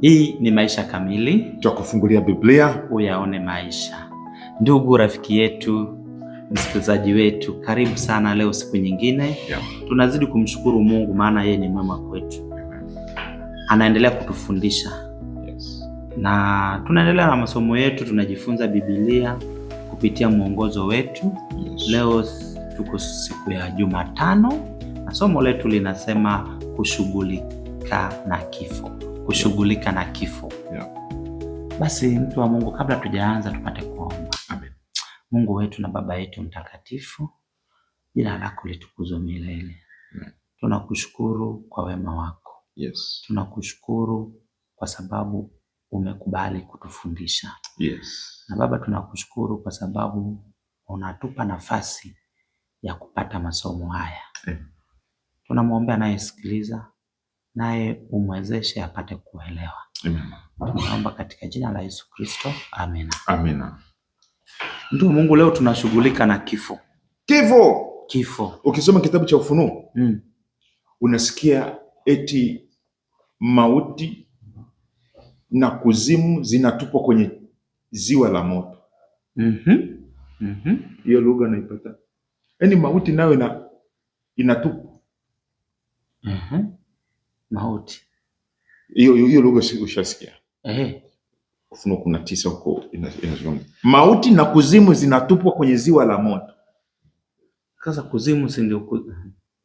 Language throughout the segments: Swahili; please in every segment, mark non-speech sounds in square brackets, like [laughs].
Hii ni Maisha Kamili, kufungulia Biblia uyaone maisha. Ndugu rafiki yetu, msikilizaji wetu, karibu sana leo, siku nyingine yeah. Tunazidi kumshukuru Mungu maana yeye ni mwema kwetu, anaendelea kutufundisha Na tunaendelea na masomo yetu, tunajifunza Biblia kupitia mwongozo wetu yes. Leo tuko siku ya Jumatano na somo letu linasema kushughulika na kifo kushughulika na kifo yeah. Basi mtu wa Mungu, kabla tujaanza, tupate kuomba. Mungu wetu na Baba yetu mtakatifu, jina lako litukuzwe milele. Tunakushukuru kwa wema wako. Yes. Tunakushukuru kwa sababu umekubali kutufundisha. Yes. Na Baba, tunakushukuru kwa sababu unatupa nafasi ya kupata masomo haya. Tunamwombea anayesikiliza naye umwezeshe apate kuelewa. Tunaomba katika jina la Yesu Kristo, amina. Amina. Ndio Mungu, leo tunashughulika na kifo. Kifo, kifo. Ukisoma kitabu cha Ufunuo mm. unasikia eti mauti na kuzimu zinatupwa kwenye ziwa la moto. mm -hmm. mm -hmm. lugha naipata, yaani mauti nayo ina inatupwa mm -hmm mauti. Hiyo hiyo lugha ushasikia eh? Ufunuo kumi na tisa huko inazungumza mauti na kuzimu zinatupwa kwenye ziwa la moto. Sasa kuzimu si ndio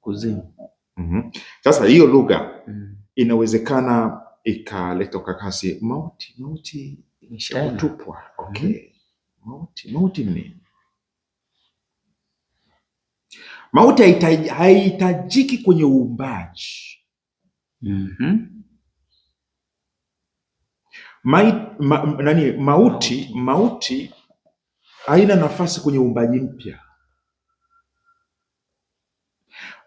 kuzimu? mm -hmm. Sasa hiyo lugha mm. inawezekana ikaleta ukakasi, mauti mauti imeshatupwa. Mm-hmm. Okay. mm -hmm. Mauti mauti ni mauti haitajiki kwenye uumbaji mm -hmm. Ma, ma, nani, mauti mauti haina nafasi kwenye uumbaji mpya.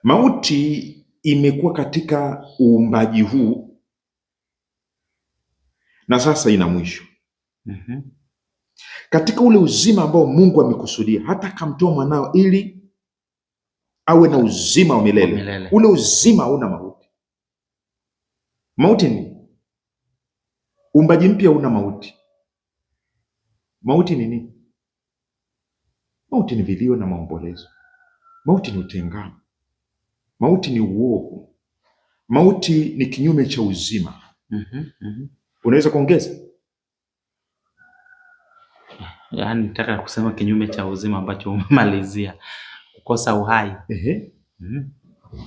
Mauti imekuwa katika uumbaji huu na sasa ina mwisho mm -hmm. katika ule uzima ambao Mungu amekusudia, hata akamtoa mwanao ili awe na uzima wa milele. Ule uzima hauna mauti Mauti ni umbaji mpya, una mauti. Mauti ni nini? Mauti ni vilio na maombolezo. Mauti ni utengano. Mauti ni uovu. Mauti ni kinyume cha uzima. mm mm -hmm. Unaweza kuongeza yaani, nataka kusema kinyume cha uzima ambacho umemalizia kukosa uhai. Ehe. Mm -hmm.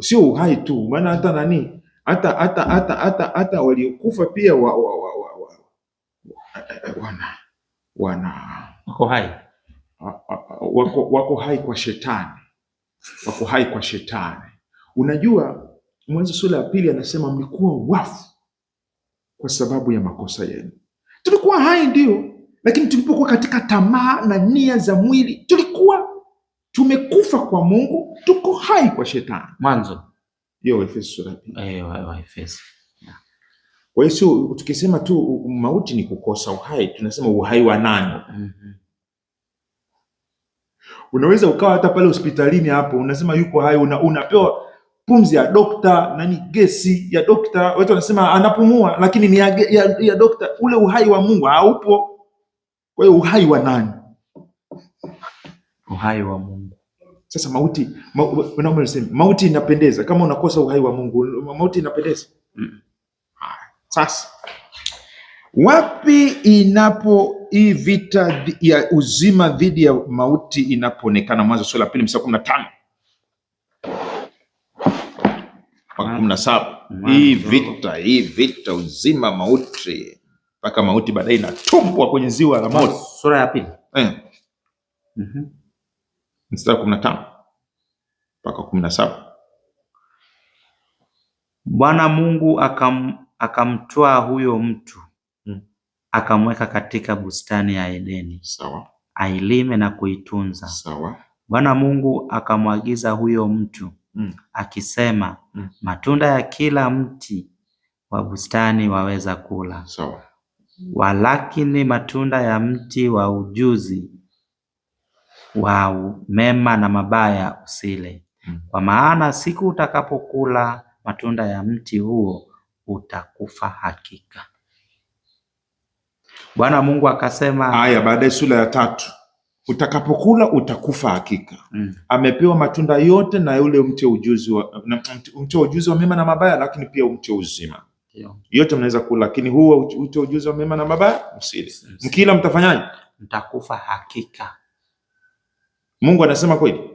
Sio uhai tu, maana hata nani hata hata hata hata hata waliokufa pia wa, wa, wa, wa, wa, wana wana wako hai wako, wako hai kwa shetani wako hai kwa shetani. Unajua, Mwanzo sura ya pili anasema mlikuwa wafu kwa sababu ya makosa yenu. Tulikuwa hai ndio, lakini tulipokuwa katika tamaa na nia za mwili tulikuwa tumekufa kwa Mungu, tuko hai kwa shetani. Mwanzo hiyo Waefeso sura pili. Eh, Kwa hiyo tukisema tu mauti ni kukosa uhai, tunasema uhai wa nani? mm -hmm. Unaweza ukawa hata pale hospitalini hapo, unasema yuko hai, una, unapewa pumzi ya dokta, nani, gesi ya dokta. Watu wanasema anapumua, lakini ni ya, ya, ya dokta. Ule uhai wa Mungu haupo. Kwa hiyo uhai wa nani? Uhai wa Mungu sasa mauti ma, mauti inapendeza kama unakosa uhai wa Mungu, mauti inapendeza hmm. Sasa wapi inapo hii vita ya uzima dhidi ya mauti inapoonekana? Mwanzo sura ya pili mstari kumi na tano mpaka kumi na saba Hii vita hii vita uzima mauti mpaka mauti baadaye inatumbwa kwenye ziwa la mauti, sura ya pili eh. mm -hmm mstari wa kumi na tano mpaka kumi na saba Bwana Mungu akam, huyo mtu hmm, akamweka katika bustani ya Edeni sawa, ailime na kuitunza sawa. Bwana Mungu akamwagiza huyo mtu hmm, akisema hmm, matunda ya kila mti wa bustani waweza kula sawa, walakini matunda ya mti wa ujuzi wa mema na mabaya usile, hmm. kwa maana siku utakapokula matunda ya mti huo utakufa hakika. Bwana Mungu akasema. Haya, baadaye sura ya tatu, utakapokula utakufa hakika. Mm. Amepewa matunda yote na yule mti wa ujuzi wa, mti wa ujuzi wa mema na mabaya, lakini pia mti wa uzima Yo. Yote mnaweza kula, lakini huo mti wa ujuzi wa mema na mabaya msile, mkila mtafanyaje? Mtakufa hakika. Mungu anasema kweli?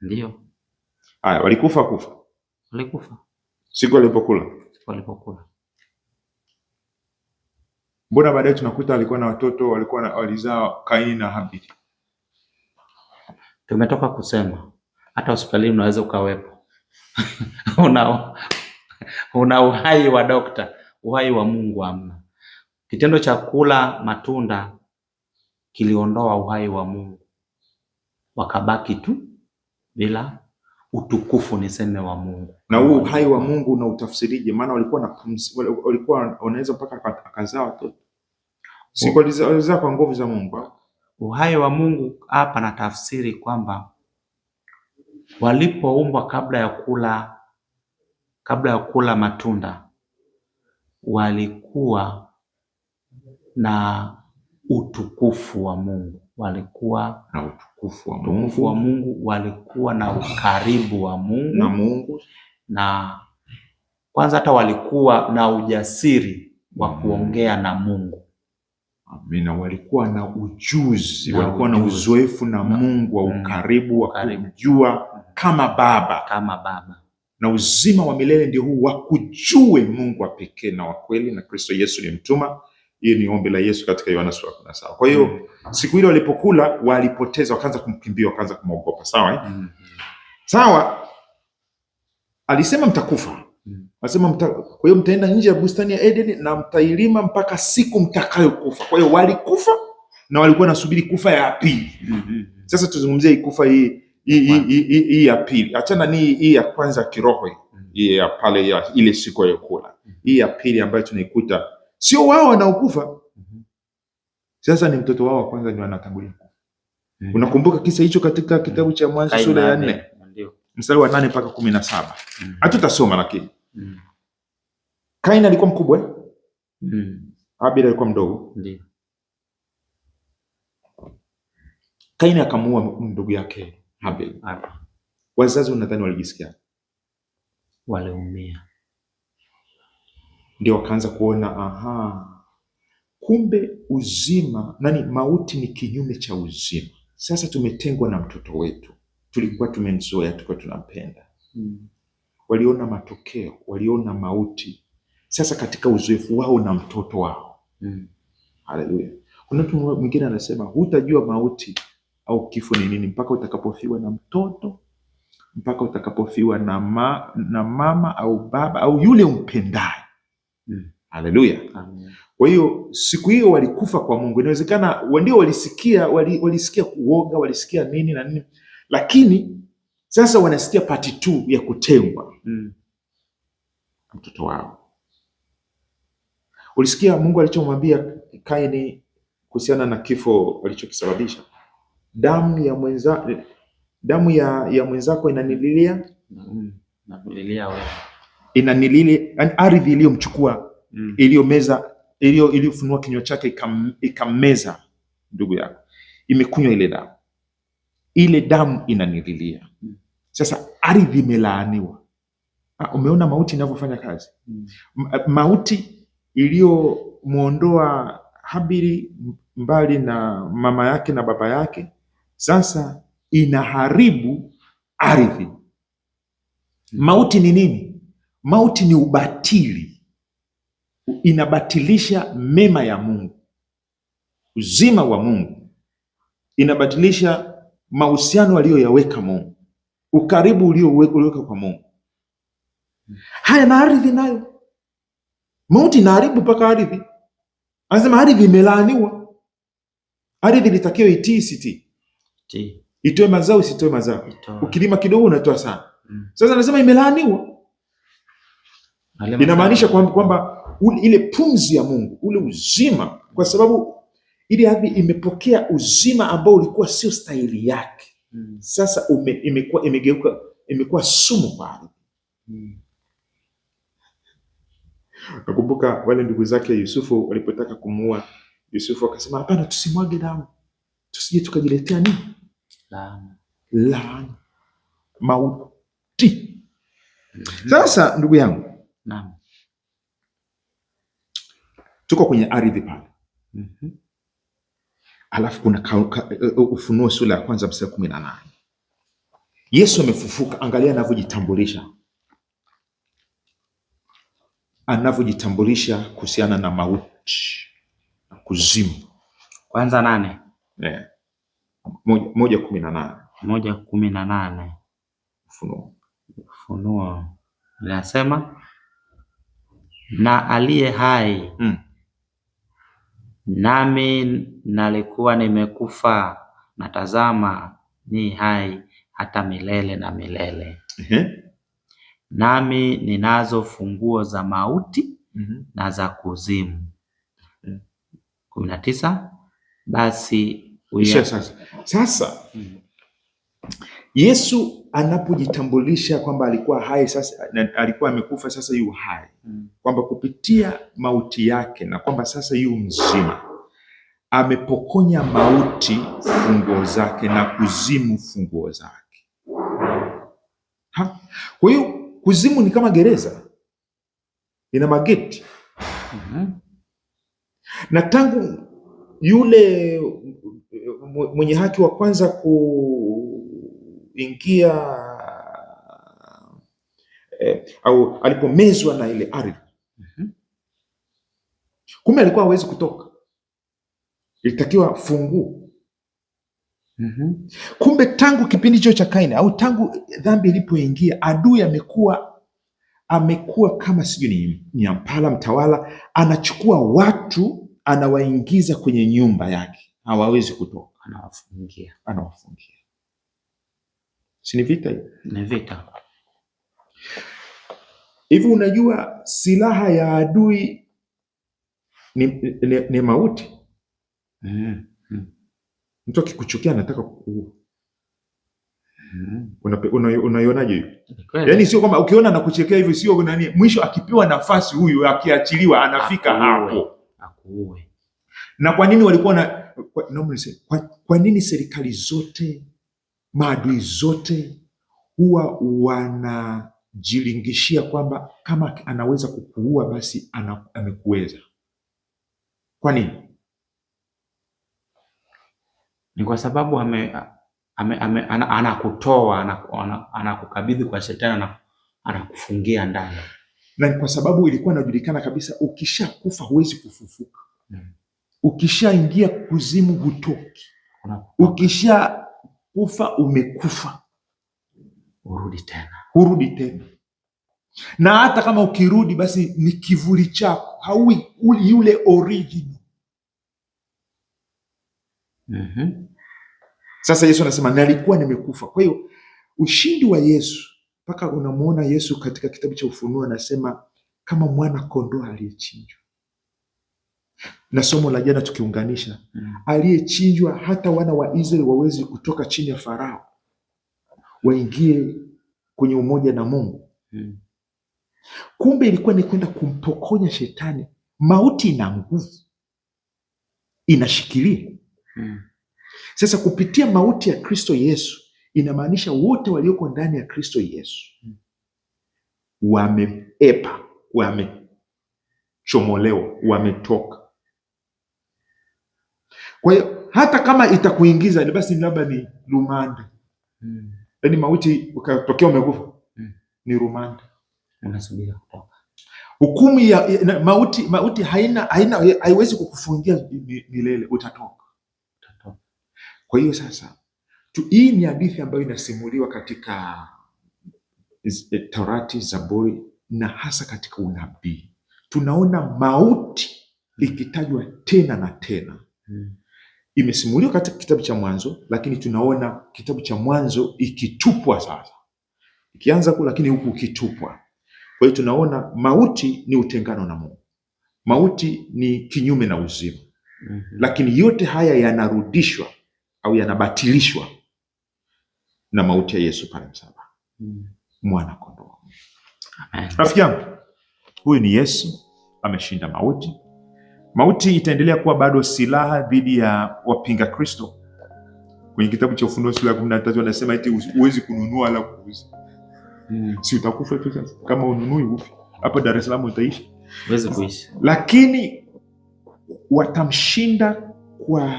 Ndio. Haya, walikufa kufa? Walikufa. Siku walipokula? walipokula. Mbona baadaye tunakuta alikuwa na watoto walikuwa walizaa Kaini na Habili? Tumetoka kusema hata hospitalini unaweza ukawepo [laughs] una, una uhai wa dokta, uhai wa Mungu hamna. Kitendo cha kula matunda kiliondoa uhai wa Mungu wakabaki tu bila utukufu niseme wa Mungu. Na huu uhai wa Mungu na utafsirije? Maana walikuwa na walikuwa wanaweza mpaka akazaa watoto, sikalizaa oh. kwa nguvu za Mungu. Uhai wa Mungu hapa na tafsiri kwamba walipoumbwa kabla ya kula kabla ya kula matunda walikuwa na utukufu wa Mungu walikuwa na utukufu wa Mungu, utukufu wa Mungu, walikuwa na ukaribu wa Mungu na Mungu, na kwanza hata walikuwa na ujasiri wa mm. kuongea na Mungu. Amina, walikuwa na ujuzi na walikuwa ujuzi, na uzoefu na Mungu wa mm. ukaribu wa kujua mm. kama Baba, kama Baba na uzima wa milele ndio huu wakujue Mungu wa pekee na wa kweli na Kristo Yesu ni mtuma hiyo ni ombi la Yesu katika Yohana sura kumi na saba. Kwa hiyo mm siku ile walipokula walipoteza, wakaanza kumkimbia, wakaanza kumwogopa. Sawa mm Sawa, alisema mtakufa. mm Alisema mta... kwa hiyo mtaenda nje ya bustani ya Eden na mtailima mpaka siku mtakayokufa. Kwa hiyo walikufa na walikuwa nasubiri kufa ya pili. mm -hmm. Sasa tuzungumzie kufa hii hii ya pili, achana ni hii ya kwanza kiroho, mm. hii ya pale ya ile siku ya kula, mm. hii ya pili ambayo tunaikuta sio wao wanaokufa. Mhm. Sasa ni mtoto wao wa kwanza ndio anatangulia. Mhm. Unakumbuka kisa hicho katika mhm. kitabu cha Mwanzo sura ya nne mstari wa nane mpaka kumi na saba hatutasoma lakini Kaini alikuwa mkubwa, eh? Abel alikuwa mdogo. Kaini akamuua ndugu yake Abel. Wazazi unadhani walijisikia? Waliumia ndio wakaanza kuona aha, kumbe uzima nani, mauti ni kinyume cha uzima. Sasa tumetengwa na mtoto wetu, tulikuwa tumemzoea, tulikuwa tunampenda hmm. Waliona matokeo, waliona mauti. Sasa katika uzoefu wao na mtoto wao hmm. Haleluya. Kuna mtu mwingine anasema hutajua mauti au kifo ni nini mpaka utakapofiwa na mtoto, mpaka utakapofiwa na, ma, na mama au baba au yule umpendaye Haleluya! mm. Kwa hiyo siku hiyo walikufa kwa Mungu. Inawezekana ndio walisikia wali, walisikia kuoga walisikia nini na nini, lakini sasa wanasikia pati tu ya kutengwa mm. mtoto wao. Ulisikia Mungu alichomwambia Kaini kuhusiana na kifo alichokisababisha, damu ya mwenza damu ya, ya mwenzako inanililia mm. kulilia wewe inanilili ardhi iliyomchukua mm. iliyomeza iliyo iliyofunua kinywa chake ikam, ikammeza ndugu yako, imekunywa ile damu, ile damu inanililia mm. Sasa ardhi imelaaniwa. Ah, umeona mauti inavyofanya kazi mm. mauti iliyomwondoa Habili mbali na mama yake na baba yake, sasa inaharibu ardhi. Mm. Mauti ni nini? Mauti ni ubatili, inabatilisha mema ya Mungu, uzima wa Mungu, inabatilisha mahusiano aliyoyaweka Mungu, ukaribu ulioweka kwa Mungu. Haya, na ardhi nayo, mauti inaharibu mpaka ardhi. Anasema ardhi imelaaniwa, ardhi ilitakiwa itii, isitii itoe mazao, isitoe mazao, ukilima kidogo unatoa sana. Mm. Sasa anasema imelaaniwa Inamaanisha kwamba ile pumzi ya Mungu, ule uzima, kwa sababu ile ardhi imepokea uzima ambao ulikuwa sio stahili yake. Hmm. Sasa ume, imekuwa imegeuka imekuwa sumu kwa ardhi. Hmm. Nakumbuka wale ndugu zake Yusufu walipotaka kumuua Yusufu, akasema hapana, tusimwage damu, tusije tukajiletea nini, laana, mauti. Hmm. Sasa ndugu yangu Naam. Tuko kwenye ardhi pale. mm -hmm. Alafu kuna ka, ka, uh, Ufunuo sura ya kwanza mstari kumi na nane Yesu amefufuka, angalia anavyojitambulisha, anavyojitambulisha kuhusiana na mauti na kuzimu. Kwanza nane yeah. moja, moja kumi na nane moja kumi na nane Ufunuo Ufunuo nasema na aliye hai mm. Nami nalikuwa nimekufa, na tazama ni hai hata milele na milele mm Nami ninazo funguo za mauti mm -hmm. na za kuzimu mm kumi na tisa. Basi sasa, sasa. Mm Yesu anapojitambulisha kwamba alikuwa hai sasa, alikuwa amekufa sasa yu hai, kwamba kupitia mauti yake na kwamba sasa yu mzima, amepokonya mauti funguo zake na kuzimu funguo zake. Kwa hiyo kuzimu ni kama gereza, ina mageti mhm. na tangu yule mwenye haki wa kwanza ku alipoingia eh, au alipomezwa na ile ardhi mm-hmm. Kumbe alikuwa hawezi kutoka, ilitakiwa funguo mm-hmm. Kumbe tangu kipindi hicho cha Kaini au tangu dhambi ilipoingia, adui amekuwa amekuwa kama sijui ni nyampala, mtawala, anachukua watu anawaingiza kwenye nyumba yake, hawawezi kutoka, anawafungia anawafungia Si ni vita Ni vita. Hivi unajua silaha ya adui ni, ni, ni mauti. Mm. mm. Mtu akikuchukia anataka kukuua. Mm. Unaionaje Yaani sio kwamba ukiona anakuchekea hivyo sio nani, mwisho akipewa nafasi huyu akiachiliwa anafika hapo. Akuue. Na kwa nini walikuwa na kwa, kwa, kwa nini serikali zote maadui zote huwa wanajilingishia kwamba kama anaweza kukuua basi amekuweza. Kwa nini? Ni kwa sababu ame, ame, ame, anakutoa ana anakukabidhi ana kwa shetani, anakufungia ana ndani, na ni kwa sababu ilikuwa inajulikana kabisa, ukishakufa huwezi kufufuka. Hmm. Ukishaingia kuzimu hutoki, ukisha kufa umekufa, urudi tena, hurudi tena. Na hata kama ukirudi, basi ni kivuli chako, haui yule original. mm -hmm. Sasa Yesu anasema nalikuwa nimekufa. Kwa hiyo ushindi wa Yesu mpaka unamwona Yesu katika kitabu cha Ufunuo anasema kama mwana kondoo aliyechinjwa na somo la jana tukiunganisha, mm. aliyechinjwa hata wana wa Israeli wawezi kutoka chini ya Farao waingie kwenye umoja na Mungu mm. Kumbe ilikuwa ni kwenda kumpokonya shetani. Mauti ina nguvu, inashikilia mm. Sasa kupitia mauti ya Kristo Yesu inamaanisha wote walioko ndani ya Kristo Yesu mm. wameepa, wamechomolewa, wametoka kwa hiyo hata kama itakuingiza ni basi labda ni rumanda. Mm. Yaani mauti ukatokea umekufa. Mm. Ni rumanda. Unasubiri kutoka. Hukumu ya, ya mauti mauti haina haina haiwezi kukufungia milele utatoka. Utatoka. Kwa hiyo sasa tu, hii ni hadithi ambayo inasimuliwa katika e, Torati, Zaburi na hasa katika unabii. Tunaona mauti ikitajwa tena na tena. Hmm imesimuliwa katika kitabu cha Mwanzo, lakini tunaona kitabu cha Mwanzo ikitupwa sasa, ikianza ku, lakini huku ukitupwa. Kwa hiyo tunaona mauti ni utengano na Mungu, mauti ni kinyume na uzima mm -hmm. Lakini yote haya yanarudishwa au yanabatilishwa na mauti ya Yesu pale msalaba mm. mwana kondoo. Rafiki yangu, huyu ni Yesu ameshinda mauti Mauti itaendelea kuwa bado silaha dhidi ya wapinga Kristo. Kwenye kitabu cha Ufunuo sura ya kumi na tatu anasema eti huwezi kununua wala kuuza. Hmm. Si utakufa tu sasa kama ununui ufi. Hapa Dar es Salaam utaishi. Huwezi kuishi. Lakini watamshinda kwa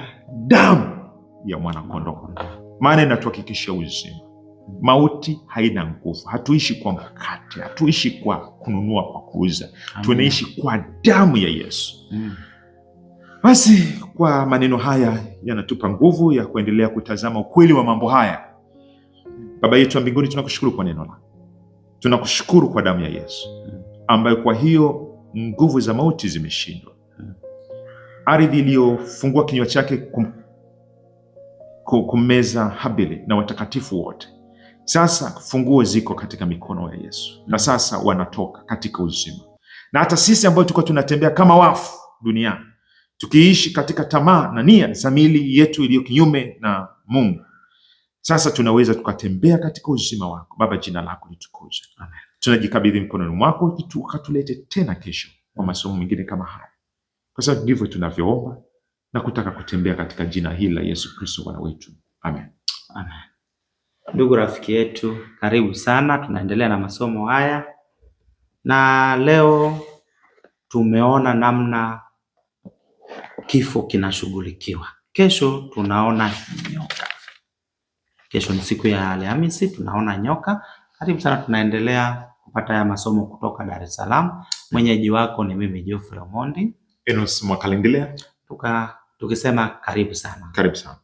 damu ya mwana Maana inatuhakikisha uzima. Mauti haina nguvu. Hatuishi kwa mkate, hatuishi kwa kununua, kwa kuuza, tunaishi kwa damu ya Yesu. Mm. Basi kwa maneno haya yanatupa nguvu ya kuendelea kutazama ukweli wa mambo haya. Baba yetu wa mbinguni, tunakushukuru kwa neno lako, tunakushukuru kwa damu ya Yesu ambayo kwa hiyo nguvu za mauti zimeshindwa. Ardhi iliyofungua kinywa chake kum, kumeza Habili na watakatifu wote sasa funguo ziko katika mikono ya Yesu, na mm. sasa wanatoka katika uzima. Na hata sisi ambao tulikuwa tunatembea kama wafu duniani tukiishi katika tamaa na nia za miili yetu iliyo kinyume na Mungu, sasa tunaweza tukatembea katika uzima wako. Baba, jina lako litukuzwe. Amen. Tunajikabidhi mkononi mwako, ukatulete tena kesho kwa masomo mengine kama haya, kwa sababu ndivyo tunavyoomba na kutaka kutembea katika jina hili la Yesu Kristo Bwana wetu. Amen. Amen. Ndugu rafiki yetu, karibu sana. Tunaendelea na masomo haya, na leo tumeona namna kifo kinashughulikiwa. Kesho tunaona nyoka. Kesho ni siku ya Alhamisi, tunaona nyoka. Karibu sana, tunaendelea kupata haya masomo kutoka Dar es Salaam. Mwenyeji wako ni mimi Geoffrey Omondi Enos Mwakalindile, tukisema karibu sana, karibu sana.